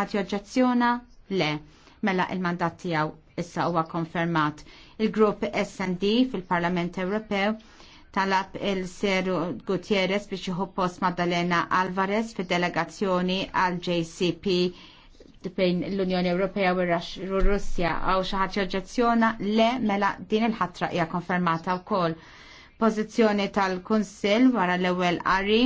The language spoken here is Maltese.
għad joġġezzjona? Le. Mela il-mandat tijaw issa huwa konfermat. Il-grupp SD fil-Parlament Ewropew talab il-Seru Gutierrez biex juhu post Maddalena Alvarez fil-delegazzjoni għal JCP bejn l-Unjoni Ewropea u r-Russja għaw xaħat joġġezzjona le mela din il-ħatra hija konfermata wkoll. Pożizzjoni tal-Kunsill wara l-ewwel qari